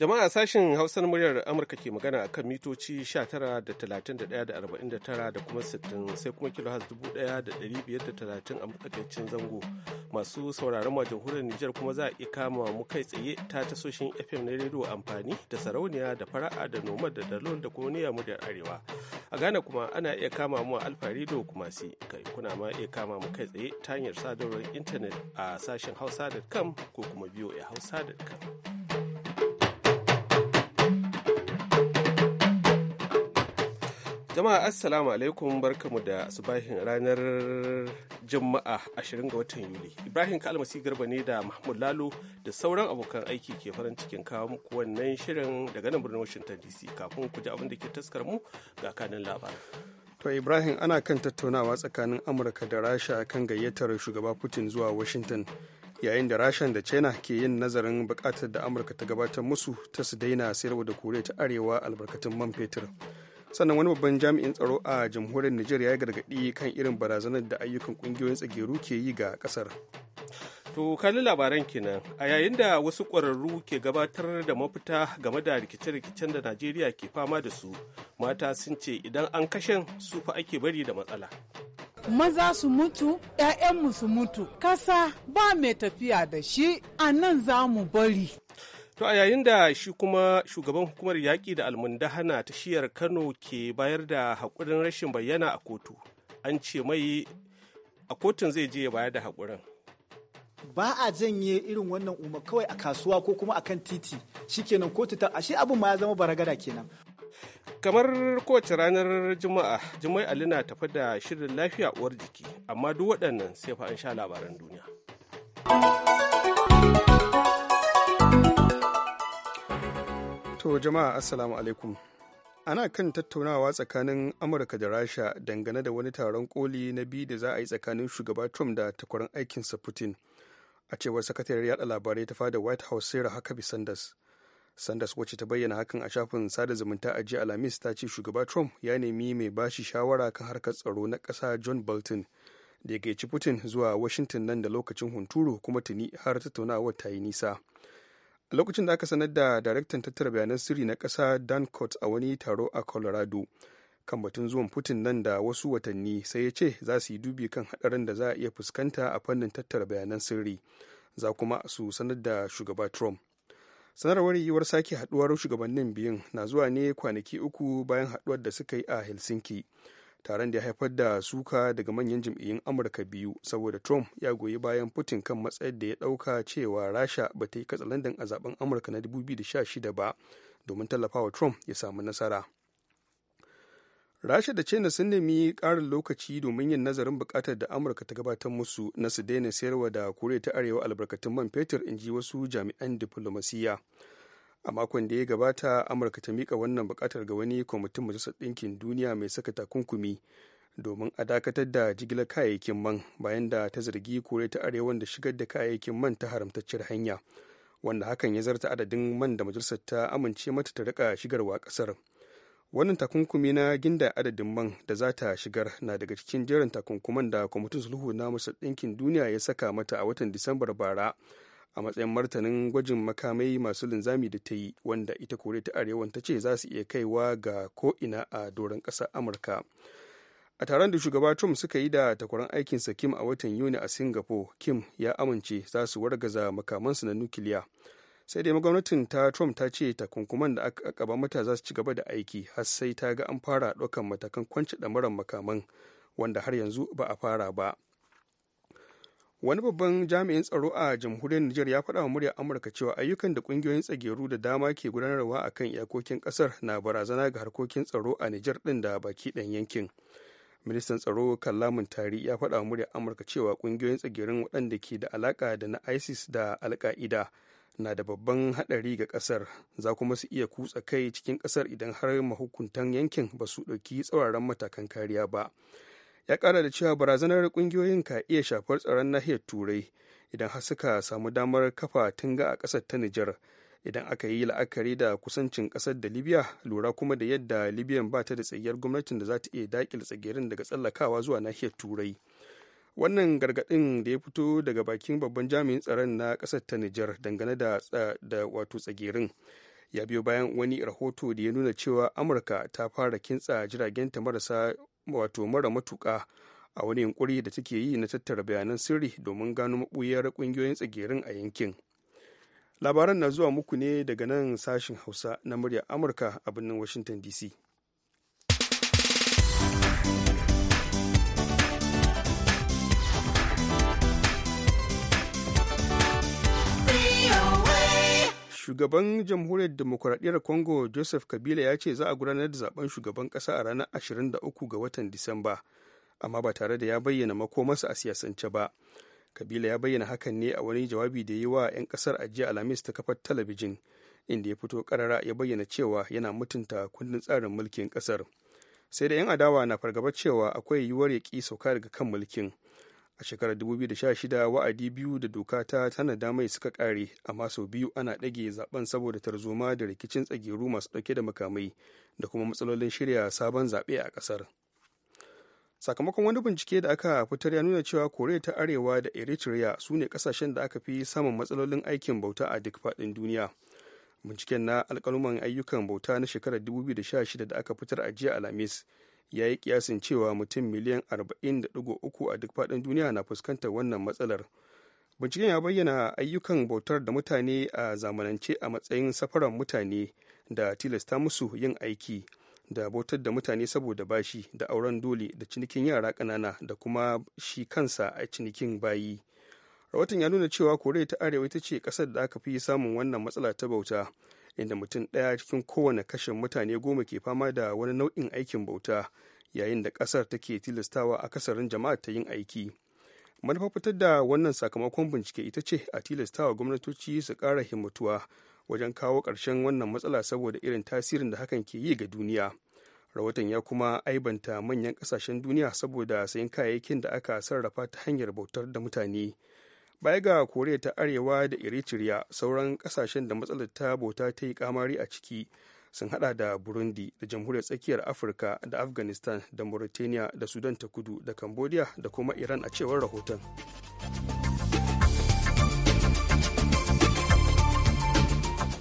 Jama'a sashen Hausar muryar Amurka ke magana a kan mitoci 19 da da da kuma 60 sai kuma kilohaz 1530 a matsakaicin zango. Masu sauraron ma jamhuriyar Nijar kuma za a iya kama mu kai tsaye ta tasoshin FM na rediyo amfani da sarauniya da fara'a da noma da dalon da kuma niyyar muryar arewa. A Ghana kuma ana iya kama mu a Alfa rediyo kuma si kai kuna ma iya kama mu kai tsaye ta hanyar sadarwar intanet a sashen hausa.com ko kuma hausa.com Jama'a Assalamu alaikum barkamu da subahin ranar Juma'a 20 ga watan Yuli. Ibrahim Kalmasi Garba ne da Mahmud Lalo da sauran abokan aiki ke farin cikin kawo muku wannan shirin daga nan birnin Washington DC kafin ku ji abin da ke taskar mu ga kanin labarin To Ibrahim ana kan tattaunawa tsakanin Amurka da Rasha kan gayyatar shugaba Putin zuwa Washington yayin da Rasha da China ke yin nazarin bukatar da Amurka ta gabatar musu ta su daina sayarwa da Koriya ta Arewa albarkatun man fetur. sannan wani babban jami'in tsaro a jamhuriyar nigeria ya gargaɗi kan irin barazanar da ayyukan ƙungiyoyin tsageru ke yi ga ƙasar to kalli labaran kenan a yayin da wasu ƙwararru ke gabatar da mafita game da rikice-rikicen da najeriya ke fama da su mata sun ce idan an kashe su fa ake bari da matsala maza su mutu mu su mutu kasa ba mai tafiya da shi a nan za mu bari To a yayin da shi kuma shugaban hukumar yaƙi da almundahana ta shiyar Kano ke bayar da haƙurin rashin bayyana a kotu, an ce mai a kotun zai je ya bayar da haƙurin. Ba a janye irin wannan umar kawai a kasuwa ko kuma akan titi, shikenan kotu ta ashe abin ma ya zama baragada kenan. kamar kowace ranar juma'a jimai ali na tafi da shirin lafiya uwar jiki amma duk waɗannan sai fa an sha labaran duniya To jama'a assalamu alaikum. Ana kan tattaunawa tsakanin Amurka da Rasha dangane da wani taron koli na biyu da za a yi tsakanin shugaba Trump da takwaran aikinsa Putin. A cewar sakatariyar yada labarai ta fada White House Sarah Huckabee Sanders. Sanders wacce ta bayyana hakan a shafin sada zumunta a jiya Alhamis ta ce shugaba Trump ya nemi mai bashi shawara kan harkar tsaro na kasa John Bolton da ya gaici Putin zuwa Washington nan da lokacin hunturu kuma tuni har tattaunawar ta yi nisa. lokacin da aka sanar da daraktan tattara bayanan sirri na ƙasa dancourt a wani taro a colorado kan batun zuwan putin nan da wasu watanni sai ya ce za su yi dubi kan haɗarin da za a iya fuskanta a fannin tattara bayanan sirri za kuma su sanar da shugaba trump sanarwar yiwuwar sake haɗuwar shugabannin biyun na zuwa ne kwanaki uku bayan haɗuwar da suka yi a helsinki taron da ya haifar da suka daga manyan jam'iyyun amurka biyu saboda trump ya goyi bayan putin kan matsayar da ya ɗauka cewa rasha ba ta yi katsalandan a zaben amurka na 2016 ba domin tallafawa trump ya samu nasara rasha da china sun nemi karin lokaci domin yin nazarin bukatar da amurka ta gabatar musu na su daina sayarwa da kure ta arewa albarkatun man fetur in ji wasu jami'an diflomasiyya a makon da ya gabata amurka ta mika wannan bukatar ga wani kwamitin majalisar ɗinkin duniya mai saka takunkumi domin a dakatar da jigilar kayayyakin man bayan da ta zargi kore ta arewan da shigar da kayayyakin man ta haramtacciyar hanya wanda hakan ya zarta adadin man da majalisar ta amince mata ta rika shigarwa kasar wannan takunkumi na ginda adadin man da za ta shigar na daga cikin jerin takunkuman da kwamitin sulhu na majalisar ɗinkin duniya ya saka mata a watan disambar bara a matsayin martanin gwajin makamai masu linzami da ta yi wanda ita kore ta arewan ta ce za su iya kaiwa ga ko'ina a doron ƙasar amurka a taron da shugaba trump suka yi da takwaran aikinsa kim a watan yuni a singapore kim ya amince za su wargaza makamansu na nukiliya sai dai gwamnatin ta trump ta ce takunkuman da aka kaba mata za su ci gaba da aiki har sai ta ga an fara ɗaukan matakan kwanci ɗamaran makaman wanda har yanzu ba a fara ba wani babban jami'in tsaro a jamhuriyar Nijar ya faɗa wa murya Amurka cewa ayyukan da kungiyoyin tsageru da dama ke gudanarwa a kan iyakokin ƙasar na barazana ga harkokin tsaro a Nijar ɗin da baki ɗan yankin. Ministan tsaro Kallamun Tari ya faɗa wa murya Amurka cewa ƙungiyoyin tsagerun waɗanda ke da alaƙa da na ISIS da alka'ida na da babban haɗari ga ƙasar za kuma su iya kutsa kai cikin ƙasar idan har mahukuntan yankin ba su ɗauki tsauraran matakan kariya ba. ya kara da cewa barazanar kungiyoyin ka iya shafar tsaron nahiyar turai idan har suka samu damar kafa tunga a ƙasar ta nijar idan aka yi la'akari da kusancin ƙasar da libya lura kuma da yadda libyan ba ta da tsagiyar gwamnatin da za ta iya daƙil tsagerin daga tsallakawa zuwa nahiyar turai wannan gargaɗin da ya fito daga bakin babban jami'in tsaron na ƙasar ta nijar dangane da, wato tsagerin ya biyo bayan wani rahoto da ya nuna cewa amurka ta fara kintsa jiragenta marasa wato mara matuƙa a wani yunkuri da take yi na tattara bayanan sirri domin gano maɓuyar ƙungiyoyin tsagerin a yankin labaran na zuwa muku ne daga nan sashin hausa na murya amurka a birnin washington dc shugaban jamhuriyar demokuraɗiyyar congo joseph kabila ya ce za a gudanar da zaben shugaban ƙasa a ranar 23 ga watan disamba amma ba tare da ya bayyana makomarsa a siyasance ba kabila ya bayyana hakan ne a wani jawabi da yi wa 'yan ƙasar a jiya alhamis ta kafar talabijin inda ya fito karara ya bayyana cewa yana mutunta kundin tsarin mulkin ƙasar sai da 'yan adawa na fargaba cewa akwai yiwuwar ya ƙi sauka daga kan mulkin a shekarar 2016 wa'adi biyu da doka ta tanada mai suka kare amma sau biyu ana ɗage zaben saboda tarzoma da rikicin tsagiru masu ɗauke da makamai da kuma matsalolin shirya sabon zaɓe a ƙasar sakamakon wani bincike da aka fitar ya nuna cewa koriya ta arewa da eritrea su ne kasashen da aka fi samun matsalolin aikin bauta a duk faɗin duniya binciken na alkaluman ayyukan bauta na shekarar 2016 da aka fitar a jiya alhamis ya yi kiyasin cewa mutum miliyan 40.3 a duk faɗin duniya na fuskantar wannan matsalar binciken ya bayyana ayyukan bautar da mutane a zamanance a matsayin safaran mutane da tilasta musu yin aiki da bautar da mutane saboda bashi da auren dole da cinikin yara kanana da kuma shi kansa a cinikin bayi rahoton ya nuna cewa koriya ta arewa ita ce ƙasar da aka fi samun wannan matsala ta bauta inda mutum ɗaya cikin kowane kashin mutane goma ke fama da wani nau'in aikin bauta yayin da ƙasar take tilastawa a kasarin jama'a ta yin aiki manufar fitar da wannan sakamakon bincike ita ce a tilastawa gwamnatoci su ƙara himmatuwa wajen kawo ƙarshen wannan matsala saboda irin tasirin da hakan ke yi ga duniya rahoton ya kuma aibanta manyan ƙasashen duniya saboda sayan kayayyakin da aka sarrafa ta hanyar bautar da mutane baya ga koriya ta arewa da eritrea sauran kasashen da matsalar ta bauta ta yi kamari a ciki sun hada da burundi da jamhuriyar tsakiyar afirka da afghanistan da mauritania da sudan ta kudu da cambodia da kuma iran a cewar rahoton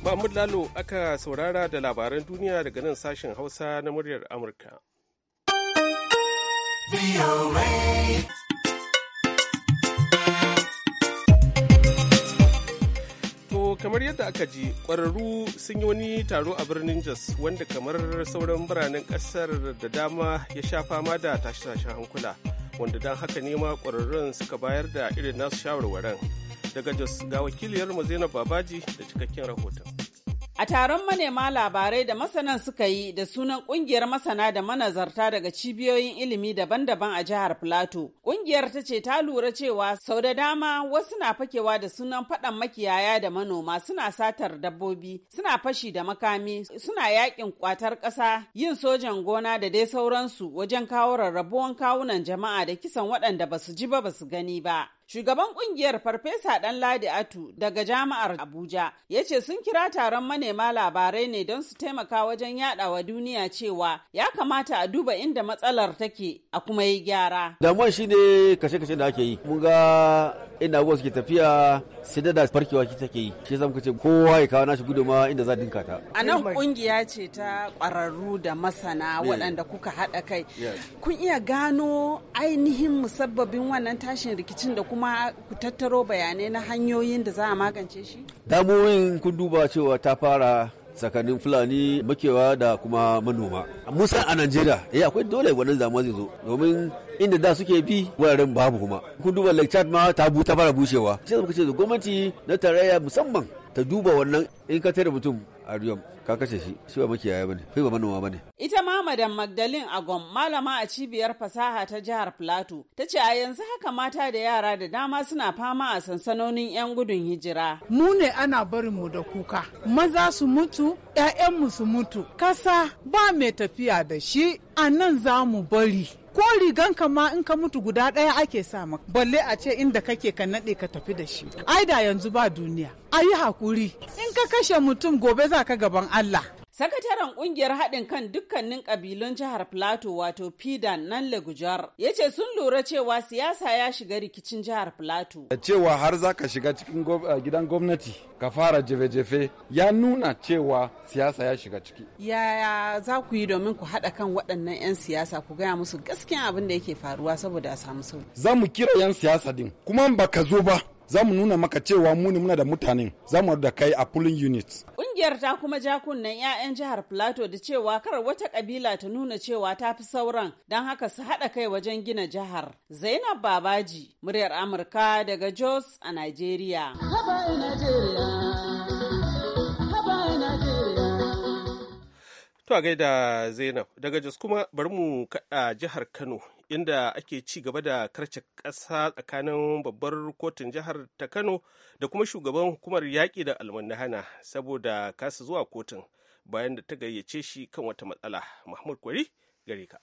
mahmud lalo aka saurara da labaran duniya daga nan sashen hausa na muryar amurka kamar yadda aka ji ƙwararru sun yi wani taro a birnin Jos wanda kamar sauran biranen ƙasar da dama ya sha fama da tashe-tashen hankula wanda don haka nema ƙwararrun suka bayar da irin nasu shawarwaran. Daga Jos ga wakiliyar Zainab Babaji da cikakken rahoton. A taron manema labarai da masanan suka yi da sunan kungiyar masana da manazarta daga cibiyoyin ilimi daban-daban a jihar Filato. Kungiyar ta ce ta lura cewa sau da dama wasu na fakewa da sunan faɗan makiyaya da manoma suna satar dabbobi, suna fashi da makami, suna yakin kwatar ƙasa, yin sojan gona da dai sauransu wajen kawo rarrabuwan kawunan jama'a da kisan waɗanda ba su ji ba su gani ba. Shugaban kungiyar Farfesa Ladi Atu daga Jami'ar Abuja ya ce sun kira taron manema labarai ne don su taimaka wajen yadawa duniya cewa ya kamata a duba inda matsalar take a kuma yi gyara. Damuwan shi ne kashe-kashe da ake yi. Mun ga inda abubuwa suke tafiya sai da da farkewa ki take yi. Shi zama kace kowa ya kawo nashi guduma inda za dinka ta. A nan kungiya ce ta ƙwararru da masana eh. waɗanda kuka haɗa kai. Kun iya gano ainihin musabbabin wannan tashin rikicin da kuma ku tattaro bayanai na hanyoyin da za a magance shi? Damuwin kun duba cewa ta fara tsakanin fulani makewa da kuma manoma musa a najeriya eh akwai dole wannan zama zai zo domin inda da suke bi wuraren babu kuma kun duba lake chad ma ta fara bushewa sai muka ce gwamnati na tarayya musamman ta duba wannan in ka tare mutum ariyom ka kashe shi shi ba makiyaya bane kai ba manoma bane ita ma madam magdalene agom malama a cibiyar fasaha ta jihar plateau ta ce a yanzu haka mata da yara da dama suna fama a sansanonin yan gudun hijira mu ne ana barin mu da kuka maza su mutu mu su mutu kasa ba mai tafiya da shi a nan za mu bari ko rigan ka ma in ka mutu guda ɗaya ake sa maka balle a ce inda kake ka naɗe ka tafi da shi ai da yanzu ba duniya a yi hakuri in ka kashe mutum gobe za ka gaban Allah Sakataren kungiyar haɗin kan dukkanin ƙabilun jihar Plateau wato Fidan nan Legujar ya ce sun lura cewa siyasa ya shiga rikicin jihar Plateau. Cewa har za ka shiga cikin gidan gwamnati ka fara jefe-jefe ya nuna cewa siyasa ya shiga ciki. Yaya za ku yi domin ku haɗa kan waɗannan 'yan siyasa ku gaya musu gaskiyan abin da yake faruwa saboda a samu sauki. Za mu kira 'yan siyasa din kuma ba ka zo ba za mu nuna maka cewa mu muna da mutanen za mu da kai a pulling unit. Ƙungiyar ta kuma ja kunnen 'ya'yan jihar Plateau da cewa kar wata ƙabila ta nuna cewa ta fi sauran don haka su haɗa kai wajen gina jihar. Zainab Babaji, muryar Amurka daga Jos a Najeriya. To a gaida Zainab, daga Jos kuma bari mu kaɗa jihar Kano inda ake ci gaba da karce ƙasa tsakanin babbar kotun jihar ta kano da kuma shugaban hukumar yaƙi da almanahana saboda kasa zuwa kotun bayan da ta gayyace shi kan wata matsala mahmud kwari gare ka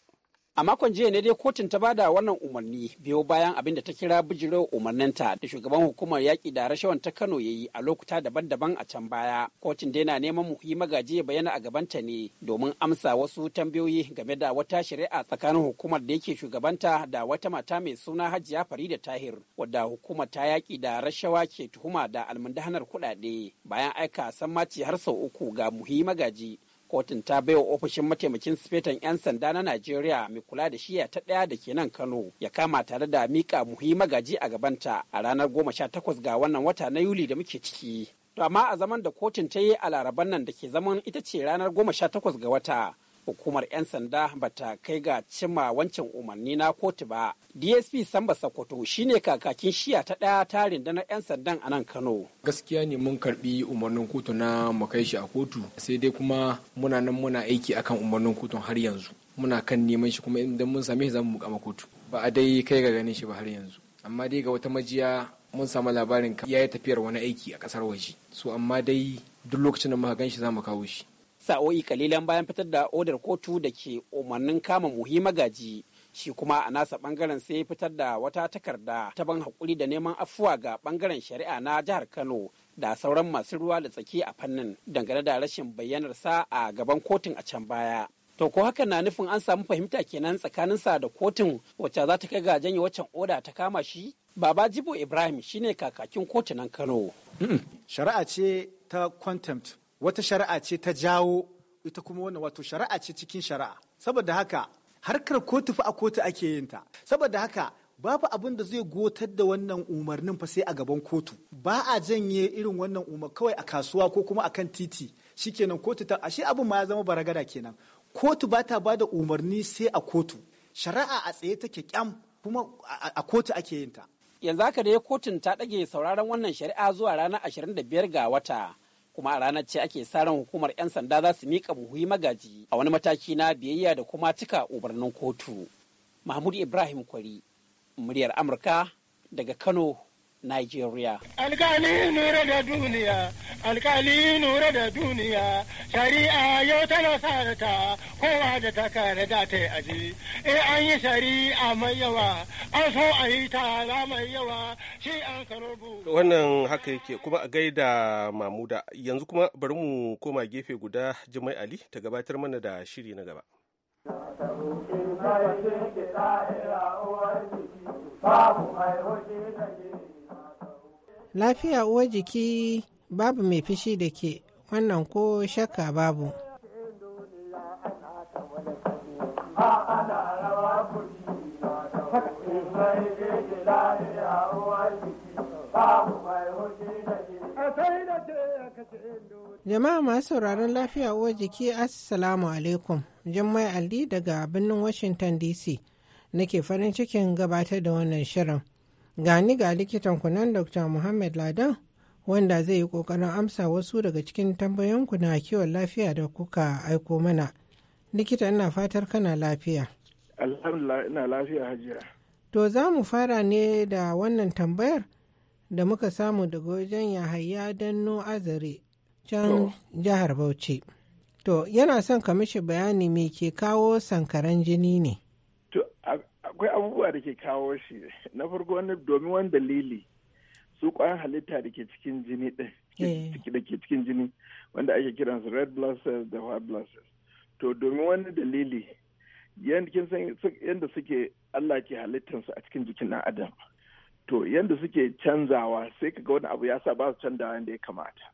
A makon jiya ne dai kotun ta bada wannan umarni biyo bayan abin da ta kira bijiro umarninta da shugaban hukumar yaƙi da rashawan ta Kano ya yi a lokuta daban-daban a can baya. Kotun dai na neman mu yi magaji ya bayyana a gabanta ne domin amsa wasu tambayoyi game da wata shari'a tsakanin hukumar da yake shugabanta da wata mata mai suna Hajiya Farida Tahir wadda hukumar ta yaƙi da rashawa ke tuhuma da almundahanar kuɗaɗe bayan aika sammaci har sau uku ga muhi magaji kotun ta baiwa ofishin mataimakin sifetan 'yan sanda na najeriya mai kula da shiya ta ɗaya da ke nan kano ya kama tare da mika muhi magaji a gabanta a ranar goma sha takwas ga wannan wata na yuli da muke ciki to amma a zaman da kotun ta yi a laraban nan da ke zaman ita ce ranar goma sha takwas ga wata hukumar 'yan sanda ba ta kai ga cima wancan umarni na kotu ba dsp samba sokoto shine kakakin shiya ta ɗaya ta na 'yan sandan a nan kano gaskiya ne mun karɓi umarnin kotu na mu shi a kotu sai dai kuma muna nan muna aiki akan umarnin kotun har yanzu muna kan neman shi kuma idan mun same shi za mu kama kotu ba a dai kai ga ganin shi ba har yanzu amma dai ga wata majiya mun samu labarin ya yi tafiyar wani aiki a kasar waje so amma dai duk lokacin da muka gan shi za mu kawo shi sa'o'i kalilan bayan fitar da odar kotu da ke umarnin kama muhi magaji shi kuma a nasa bangaren sai fitar da wata takarda ta ban hakuri da neman afuwa ga bangaren shari'a na jihar kano da sauran masu ruwa da tsaki a fannin dangane da rashin bayyanar sa a gaban kotun a can baya to ko hakan na nufin an samu fahimta kenan tsakanin sa da kotun wacce za ta kai ga janye waccan oda ta kama shi baba jibo ibrahim shine kakakin kotunan kano shari'a ce ta contempt wata shari'a ce ta jawo ita kuma wannan wato shari'a ce cikin shari'a saboda haka harkar kotu fa a kotu ake yin ta saboda haka babu abin da zai gotar da wannan umarnin fa sai a gaban kotu ba a janye irin wannan umar kawai a kasuwa ko kuma akan titi shikenan kotu ta ashe abin ma ya zama baragada kenan kotu ba ta ba da umarni sai a kotu shari'a a tsaye take kyam kuma a kotu ake yin ta yanzu haka dai kotun ta dage sauraron wannan shari'a zuwa ranar 25 ga wata kuma a ranar ce ake sa ran hukumar 'yan sanda za su miƙa buhuyi magaji a wani mataki na biyayya da kuma cika umarnin kotu. Mahmud Ibrahim Kwari, muryar Amurka daga Kano, Nigeria. Alkali nura da duniya, alkali nura da duniya, shari'a yau tana sa ta kowa da ta kare da ta aji. E an yi shari'a mai yawa, an so a yi tara mai yawa, shi an karo bu. Wannan haka yake kuma a gaida Mamuda, yanzu kuma bari mu koma gefe guda Jimai Ali ta gabatar mana da shiri na gaba. Babu mai hoji da lafiya uwa jiki babu mai fishi da ke wannan ko shakka babu Jama'a masu sauraron lafiya uwarjiki jiki Assalamu alaikum. Jummai Ali daga birnin Washington DC nake farin cikin gabatar da wannan shirin. gani ga likitan kunan dr muhammad ladan wanda zai yi kokarin amsa wasu daga cikin tambayoyinku na kiwon lafiya da kuka aiko mana likita ina fatar kana lafiya alhamdulillah ina lafiya hajiya to za mu fara ne da wannan tambayar da muka samu daga wajen yahaya danno azare can jihar bauchi to yana son ka mishi bayani me ke kawo sankaran jini ne akwai abubuwa da ke kawo shi na farko wani domin wani dalili su kwayan halitta da ke cikin jini eh. da ke cikin jini wanda ake kiran su red blood cells da white blood cells to domin wani dalili yadda suke Allah ke halittansu a cikin jikin ɗan adam to yadda suke canzawa sai ka ga wani abu ya sa ba su canzawa yadda ya kamata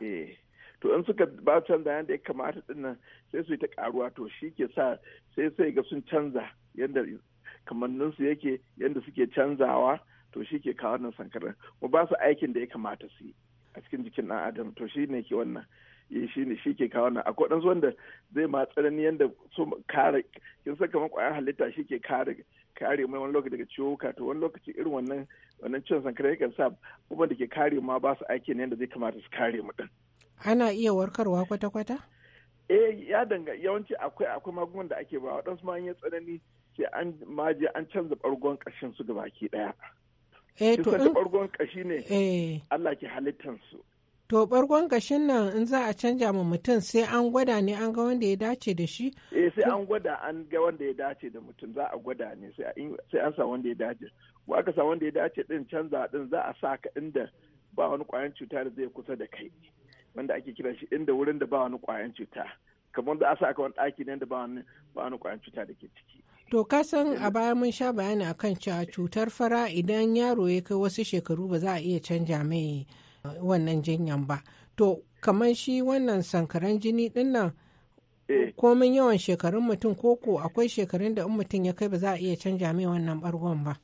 eh. to in suka ba su canza yadda ya kamata dinnan sai su yi ta karuwa to shi ke sa sai sai ga sun canza yadda kamanninsu yake yadda suke canzawa to shi ke kawo wannan sankaran mu ba su aikin da ya kamata su yi a cikin jikin ɗan adam to shi ne ke wannan eh, shi ne shi ke kawo wannan akwai ɗansu wanda zai ma tsanani yadda su kare kin san kamar ƙwayar halitta shi ke kare kare mai wani lokaci daga ciwuka to wani lokaci irin wannan wannan cin sankara yakan sa abubuwan da ke kare ma ba su aiki ne yadda zai kamata su kare mu ɗin. Ana iya warkarwa kwata-kwata? Eh ya danga yawanci akwai akwai magungunan da ake ba waɗansu ma ya tsanani sai an maje an canza bargon kashin su gabaki daya eh to in bargon kashi ne eh. Allah ke halittan su to bargon kashin nan in za a canja ma mutum sai an gwada ne an ga wanda ya dace da shi eh sai an gwada an ga wanda ya dace da mutum za a gwada ne sai an sa wanda ya dace ko aka sa wanda ya dace din canza din za a sa ka inda ba wani kwayan cuta da zai kusa da kai wanda ake kira shi inda wurin da ba wani kwayan cuta kamar za a sa ka wani ɗaki ne da ba wani kwayan cuta da ke ciki To ka san a baya mun sha bayani a kan cewa cutar fara idan yaro ya kai wasu shekaru ba za a iya canja mai eh, wannan jinyan ba. To kamar shi wannan sankaran jini dinnan eh. komin yawan shekarun mutum koko akwai shekarun da in mutum ya kai ba za a iya canja mai wannan bargon ba.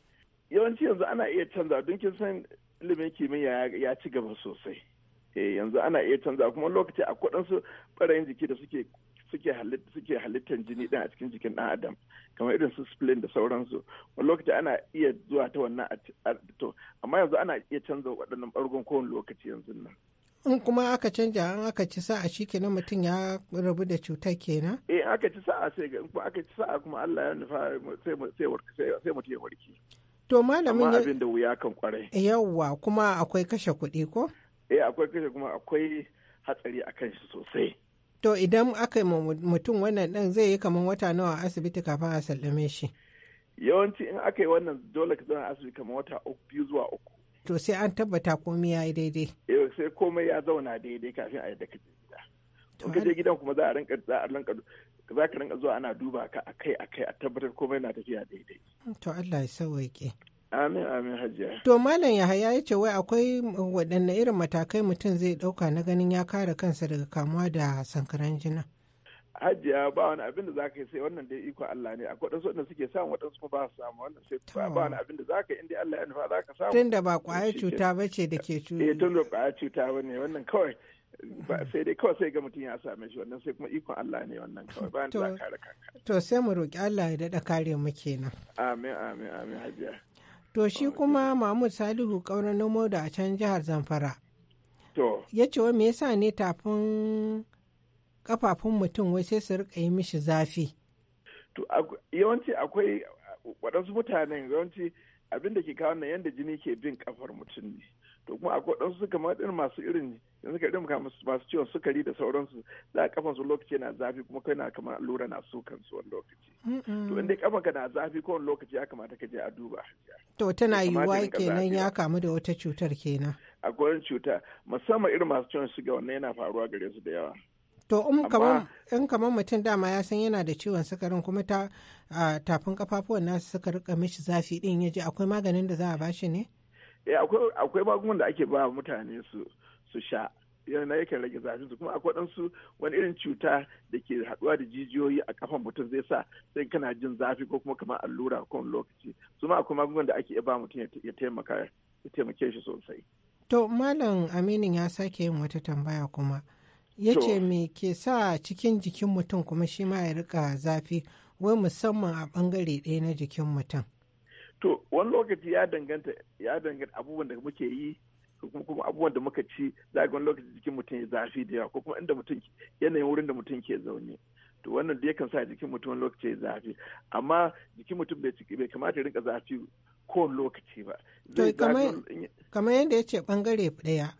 Yawanci yanzu ana iya canza don kin san ilimin kimiyya ya ci gaba sosai. Eh, yanzu ana iya canza kuma lokaci a barayin jiki da suke suke halittar jini ɗin a cikin jikin ɗan adam kamar irin su spleen da sauransu wani lokaci ana iya zuwa ta wannan a to amma yanzu ana iya canza waɗannan ɓargon kowane lokaci yanzu nan in kuma aka canja an aka ci sa'a shi kenan mutum ya rabu da cutar kenan eh aka ci sa'a sai ga kuma aka ci sa'a kuma Allah ya nufa sai sai mutum ya warke to malamin ya abin da wuya kan kwarai yawwa kuma akwai kashe kuɗi ko eh akwai kashe kuma akwai hatsari akan shi sosai To idan aka yi mutum wannan ɗin zai yi kamar wata nawa a asibiti kafin a sallame shi? Yawanci in aka yi wannan dole ka zauna asibiti kamar wata biyu zuwa uku. To sai an tabbata komai ya yi daidai. Eh sai komai ya zauna daidai kafin a yadda ka je gida. In ka gidan kuma za a rinka za a rinka za ka rinka zuwa ana duba ka akai akai a tabbatar komai na tafiya daidai. To Allah ya sauwaƙe. Amin amin hajiya. To Malam Yahaya ya ce wai akwai waɗanne irin matakai mutum zai ɗauka na ganin ya kare kansa daga kamuwa da sankaran jina. Hajiya ba wani abin da za ka yi sai wannan dai iko Allah ne akwai waɗansu waɗanda suke samu waɗansu kuma ba su samu wannan sai ba wani abin da za ka yi inda Allah ya nufa za ka samu. Tunda ba ƙwayar cuta ba ce da ke eh, cuta. Eh tunda ba ƙwayar cuta ba ne wannan kawai sai dai kawai sai ga mutum ya same shi wannan sai kuma ikon Allah ne wannan kawai bayan da kare kanka. To sai mu roƙi Allah ya daɗa kare mu kenan. Amin amin amin hajiya. To shi kuma Mahmud Salihu ƙaunar nomo da a can jihar Zamfara. To. Ya ce wai me yasa ne tafin kafafun mutum wai sai su rika yi mishi zafi. To yawanci akwai waɗansu mutanen yawanci abin da ke kawo nan yadda jini ke bin kafar mutum ne. to kuma akwai ɗansu suka ma irin masu irin yanzu ka irin masu ciwon sukari da sauransu za a kafan su lokaci na zafi kuma kai na kamar allura na su kan su wani lokaci to inda kafan ka na zafi ko wani lokaci ya kamata ka je a duba to tana yiwuwa kenan ya kamu da wata cutar kenan akwai wani cuta musamman irin masu ciwon suga wannan yana faruwa gare su da yawa to in kaman in kaman mutum dama ya san yana da ciwon sukarin kuma ta tafin kafafuwan nasu suka rika mishi zafi din ya ji akwai maganin da za a bashi ne eh akwai magungunan da ake ba mutane su su sha yana yakan rage zafin su kuma akwai waɗansu wani irin cuta da ke haɗuwa da jijiyoyi a kafan mutum zai sa sai kana jin zafi ko kuma kamar allura ko lokaci su ma akwai magungunan da ake ba mutum ya taimaka ya taimake shi sosai. To Malam Aminu ya sake yin wata tambaya kuma. Ya ce me ke sa cikin jikin mutum kuma shi ma ya rika zafi wai musamman a bangare ɗaya na jikin mutum. to wani lokaci ya danganta ya danganta abubuwan da muke yi kuma abubuwan da muka ci za ga wani lokaci jikin mutum ya zafi da yawa ko kuma inda mutum yanayin wurin da mutum ke zaune to wannan da yakan sa jikin mutum wani lokaci ya zafi amma jikin mutum bai kamata ya rinka zafi ko lokaci ba. To kamar yadda ya ce bangare daya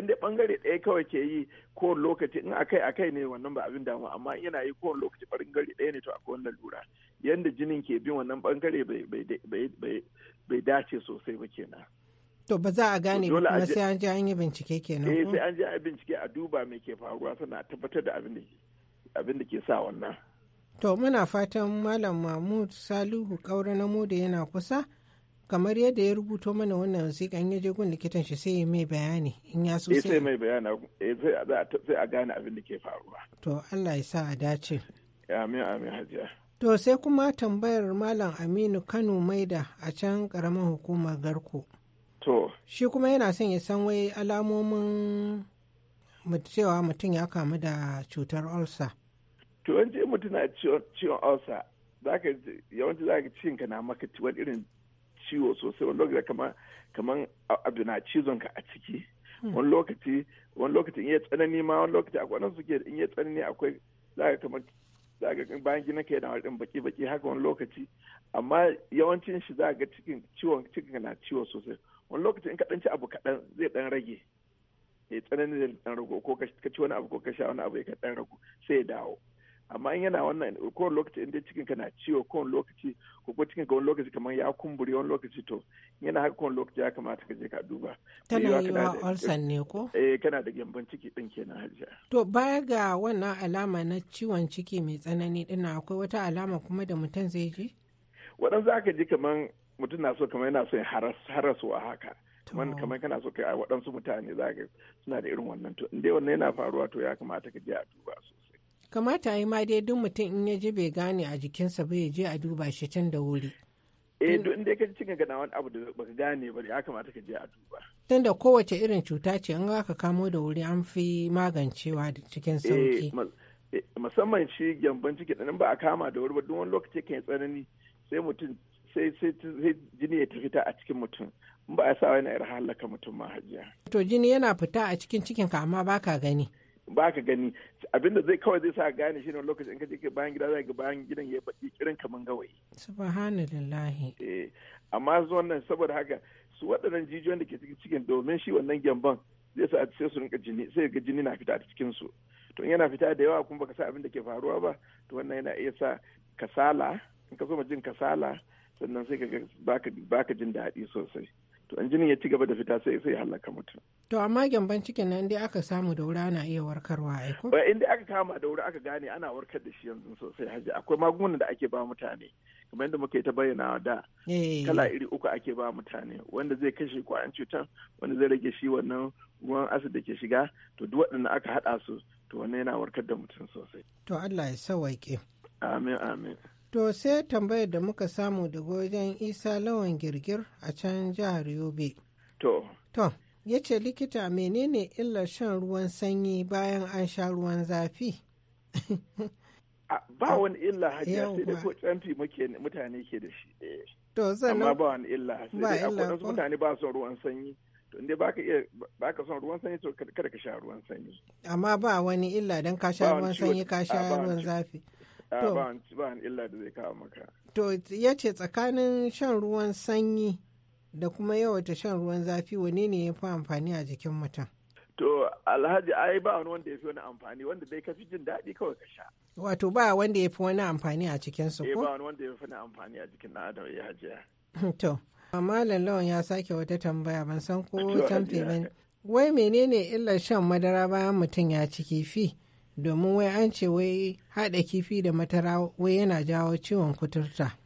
da bangare ɗaya kawai ke yi ko lokaci in akai akai ne wannan ba abin damuwa amma yana yi ko lokaci bangare ɗaya ne to akwai wannan lura yanda jinin ke bin wannan bangare bai dace sosai ba kenan to ba za a gane ba kuma sai an je an yi bincike kenan eh sai an ji a bincike a duba me ke faruwa sannan a tabbatar da abin da abin da ke sa wannan to muna fatan malam mahmud salihu kaura na mode yana kusa kamar yadda ya rubuto mana wannan wasiƙan ya je gun likitan shi sai ya mai bayani in ya so eh, sai mai bayani eh, sai a gane abin da ke faruwa to Allah ya sa a dace amin amin hajiya to sai kuma tambayar malam Aminu Kano Maida a can karamin hukumar Garko to shi kuma yana son ya san wai alamomin cewa mutum ya kamu da cutar ulcer to an je ciwon ulcer zaka yawanci zaka cikin na maka wani irin ciwo sosai wani lokaci kamar kamar abu na cizon ka a ciki hmm. wani lokaci wani lokaci in ya tsanani ma wani lokaci akwai wani suke in ya tsanani akwai zaka kamar zaka bayan gina ka yana wani baki baki haka wani lokaci amma yawancin shi za ga cikin ciwon cikin na ciwo sosai wani lokaci in ka dan ci abu kaɗan zai dan rage ya tsanani zai dan rago ko ka ci wani abu ko ka sha wani abu ya ka dan rago sai ya dawo amma in yana wannan ko lokaci inda cikin ka na ciwo ko lokaci ko ko cikin ka wani lokaci kamar ya kumburi wani lokaci to yana haka ko lokaci ya kamata ka je ka duba tana yi wa ulcer ne ko eh kana da gyambon ciki din kenan hajiya to baya ga wannan alama na ciwon ciki mai tsanani din akwai wata alama kuma da mutum zai ji za ka ji kamar mutum na so kamar yana so ya harasuwa haka kamar kamar kana so kai waɗansu mutane za ka suna da irin wannan to inda wannan yana faruwa to ya kamata ka je a duba su kamata a yi ma dai duk mutum in ya ji bai gane a jikinsa bai je a duba shi tun da wuri eh duk inda ka cikin gana wani abu da baka gane ba ya kamata ka je a duba tun da kowace irin cuta ce in ka kamo da wuri an fi magancewa cikin eh, sauki eh, musamman shi gyamban ciki ɗin ba a kama da wuri ba duk wani lokaci kan tsanani sai mutum sai sai jini ya fita a cikin mutum in ba a sa wani yar halaka mutum ma hajiya to jini yana fita a cikin cikinka amma baka gani ba ka gani abinda zai kawai zai sa gane shi ne lokacin ka je bayan gida zai ga bayan gidan ya baki kiran kaman gawayi subhanallahi eh amma wannan saboda haka su waɗannan jijiyoyin da ke cikin cikin domin shi wannan gyamban zai sa sai su rinka jini sai ga jini na fita a cikin su to yana fita da yawa kuma baka sa abin da ke faruwa ba to wannan yana iya sa kasala in ka so jin kasala sannan sai ka baka jin daɗi sosai to in jinin ya ci gaba da fita sai sai halaka mutum to amma gyamban cikin nan dai aka samu da wuri ana iya warkarwa ai ko Inda aka kama da wuri aka gane ana warkar da shi yanzu sosai haji akwai magungunan da ake ba mutane kamar yadda muke ta bayyana da eh. kala iri uku ake ba mutane wanda zai kashe kwayan cutar wanda zai rage shi wannan ruwan asid da ke shiga to duk waɗanda aka haɗa su to wannan yana warkar da mutum sosai to Allah ya sawaike amin amin To sai tambayar da muka samu daga wajen Isa Lawan Girgir a can jihar Yobe. To. To, ya ce likita menene illar shan ruwan sanyi bayan an sha ruwan zafi? Ba wani illa hajiya sai da ko canfi mutane ke da shi. Eh. To sannan. Amma ba wani illa. Sai Ba illa ko. mutane ba son ruwan sanyi. To inda ba iya son ruwan sanyi to kada ka sha ruwan sanyi. Amma ba wani illa don ka sha ruwan sanyi ka sha ruwan zafi. ba ba illa da zai kawo maka to ya ce tsakanin shan ruwan sanyi da kuma yawata shan ruwan zafi wani ne ya fi amfani a jikin mutum to alhaji ai ba wani wanda ya fi wani amfani wanda dai ka fi jin daɗi kawai ka sha wato ba wanda ya fi wani amfani a cikin su ko eh, ba wani wanda ya fi wani amfani a jikin ɗan adam ya eh, hajiya to amma lallawan ya sake wata tambaya ban san ko tamfe ba wai menene illar shan madara bayan mutum ya ciki fi? domin wai an ce wai haɗa kifi da matara wai yana jawo ciwon kuturta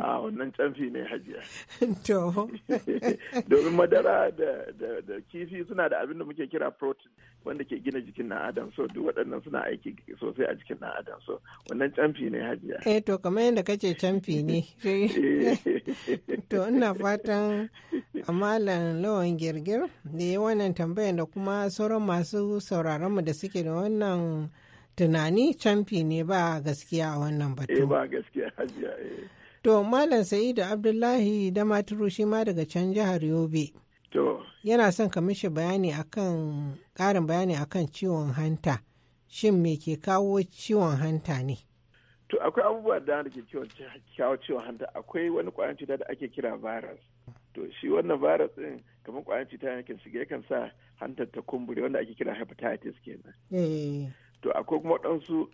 a wannan canfi ne hajiya to domin madara da kifi suna da abin da muke kira protein wanda ke gina jikin na adam so duk waɗannan suna aiki sosai a jikin na adam so wannan canfi ne hajiya eh to kamar yadda kace canfi ne eh. to ina fatan amalan lawan girgir da yi wannan tambayan da kuma sauran masu sauraronmu da suke da wannan tunani canfi ne ba gaskiya a wannan batu. Eh, ba gaskiya hajiya eh. To Malam Sa'idu Abdullahi da maturu shi ma daga can jihar Yobe. To. Yana son ka mishi bayani akan ƙarin bayani akan ciwon hanta. Shin me ke kawo ciwon hanta ne? To akwai abubuwa da da ke kawo ciwon hanta akwai wani ƙwayan cuta da ake kira virus. To shi wannan virus ɗin kamar ƙwayan cuta yakan shiga yakan sa hantar ta kumbure wanda ake kira hepatitis kenan. Eh. To akwai kuma waɗansu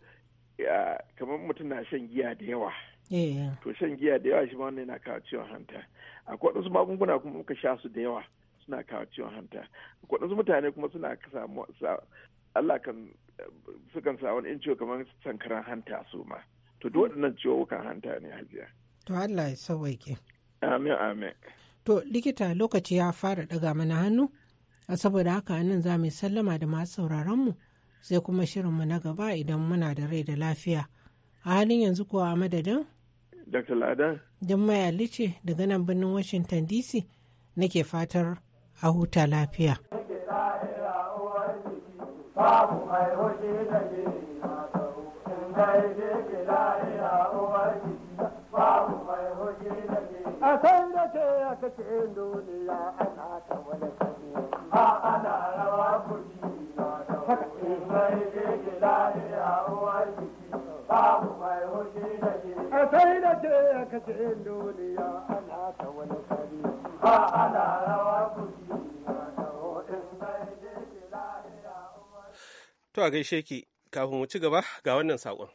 kamar mutum na shan giya da yawa. Eh, eh. to shan giya da yawa shi ma wannan yana kawo ciwon hanta akwai wasu magunguna kuma muka sha su da yawa suna kawo ciwon hanta akwai wasu mutane kuma suna samu Allah kan sukan sa wani ciwo kamar sankaran hanta su ma to duk waɗannan ciwukan hanta ne hajiya to Allah ya sauwaƙe amin amin to likita lokaci ya fara ɗaga mana hannu a saboda haka nan za mu sallama da masu sauraronmu sai kuma shirinmu na gaba idan muna da rai da lafiya a halin yanzu kuwa a madadin Dr. Ladan. Jummai Ali daga nan birnin Washington DC nake fatar a huta lafiya. A san da ke aka ce ana ta wani a ana rawa sai da ka To a gaishe ki kafin mu ci gaba ga wannan saƙon.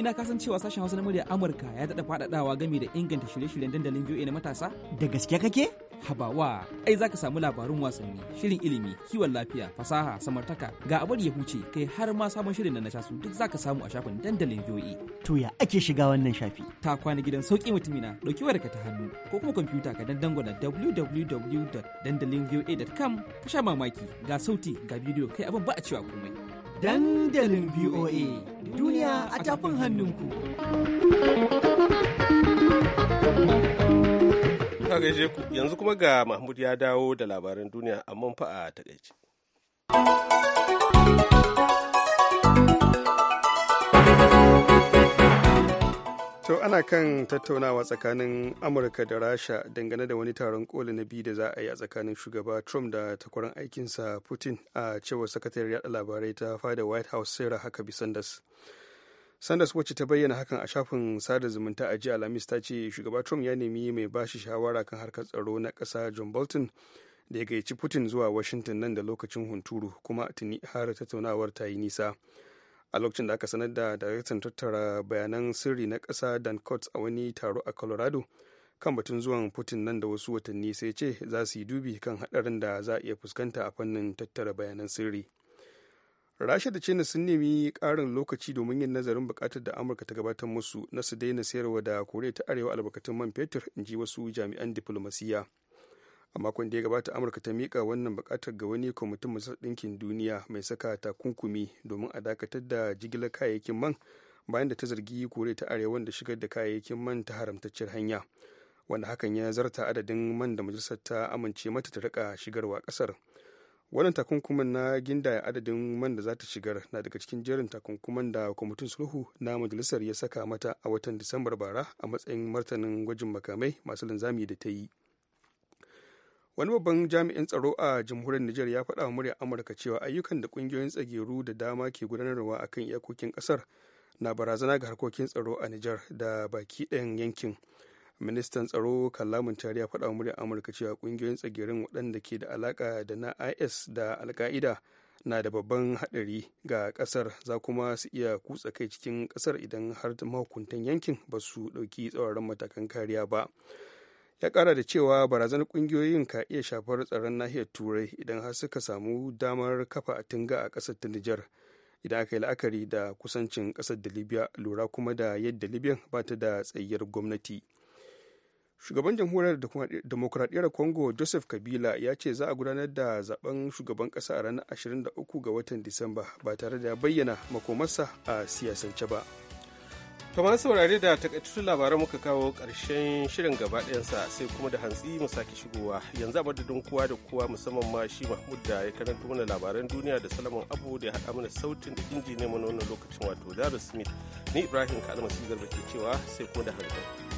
Sarki na kasan cewa sashen Hausa na murya Amurka ya daɗa faɗaɗawa gami da inganta shirye-shiryen dandalin VOA na matasa? Da gaske kake? Habawa, ai za ka samu labarun wasanni, shirin ilimi, kiwon lafiya, fasaha, samartaka, ga abar ya huce kai har ma sabon shirin da na shasu duk za ka samu a shafin dandalin VOA. To ya ake shiga wannan shafi? Ta kwana gidan sauki mutumina, ɗauki wayarka ta hannu ko kuma kwamfuta ka dangwala www.dandalinvoa.com ka sha mamaki ga sauti ga bidiyo kai abin ba a cewa komai. dandalin VOA duniya a tafin hannunku. gaishe ku yanzu kuma ga Mahmud ya dawo da labaran duniya amma fa a takaice. To ana kan tattaunawa tsakanin Amurka da Rasha dangane da wani taron koli na biyu da za a yi a tsakanin shugaba Trump da takwaran aikinsa Putin a cewar sakatariyar yada labarai ta fada White House haka bi Sanders. Sanders wacce ta bayyana hakan a shafin sada zumunta a jiya Alhamis ta ce shugaba Trump ya nemi mai bashi shawara kan harkar tsaro na ƙasa John Bolton da ya gayyaci Putin zuwa Washington nan da lokacin hunturu kuma tuni har tattaunawar ta yi nisa. a lokacin da aka sanar da daraktan tattara bayanan sirri na ƙasa dan coats a wani taro a colorado kan batun zuwan putin nan da wasu watanni sai ce za su yi dubi kan haɗarin da za a iya fuskanta a fannin tattara bayanan sirri rasha da china sun nemi ƙarin lokaci domin yin nazarin buƙatar da amurka ta gabatar musu na su daina sayarwa da koriya ta arewa albarkatun man fetur in ji wasu jami'an diflomasiyya a makon da ya gabata amurka ta mika wannan bukatar ga wani kwamitin masar ɗinkin duniya mai saka takunkumi domin a dakatar da jigilar kayayyakin man bayan da ta zargi kore ta arewa da shigar da kayayyakin man ta haramtacciyar hanya wanda hakan ya zarta adadin man da majalisar ta amince mata ta rika shigarwa kasar wannan takunkumin na gindaya adadin man da za ta shigar na daga cikin jerin takunkuman da kwamitin sulhu na majalisar ya saka mata a watan disambar bara a matsayin martanin gwajin makamai masu linzami da ta yi wani babban jami'in tsaro a jamhuriyar nijar ya faɗa wa muryar amurka cewa ayyukan da ƙungiyoyin tsageru da dama ke gudanarwa a kan iyakokin ƙasar na barazana ga harkokin tsaro a nijar da baki ɗayan yankin ministan tsaro kallamun Tari ya faɗa wa muryar amurka cewa ƙungiyoyin tsagerin waɗanda ke da alaƙa da na is da alka'ida na da babban haɗari ga ƙasar za kuma su iya kutsa kai cikin ƙasar idan har mahukuntan yankin ba su ɗauki tsauraran matakan kariya ba ya kara da cewa barazanar kungiyoyin ka iya shafar tsaron nahiyar turai idan har suka samu damar kafa a tinga a kasar ta nijar idan aka yi la'akari da kusancin kasar da libya lura kuma da yadda libyan ba ta da tsayyar gwamnati shugaban jamhuriyar demokuraɗiyyar congo joseph kabila ya ce za a gudanar da zaben shugaban ƙasa a ranar 23 ga watan disamba ba tare da bayyana makomarsa a siyasance ba. To masu saurare da takaitattun labaran muka kawo ƙarshen shirin gaba sa sai kuma da hantsi mu sake shigowa yanzu a madadin kowa da kowa musamman ma shi Mahmud da ya karanta mana labaran duniya da Salaman Abu da ya haɗa mana sautin da inji mana lokacin wato Daru Smith ni Ibrahim Kalmasi Garba ke cewa sai kuma da hantsi.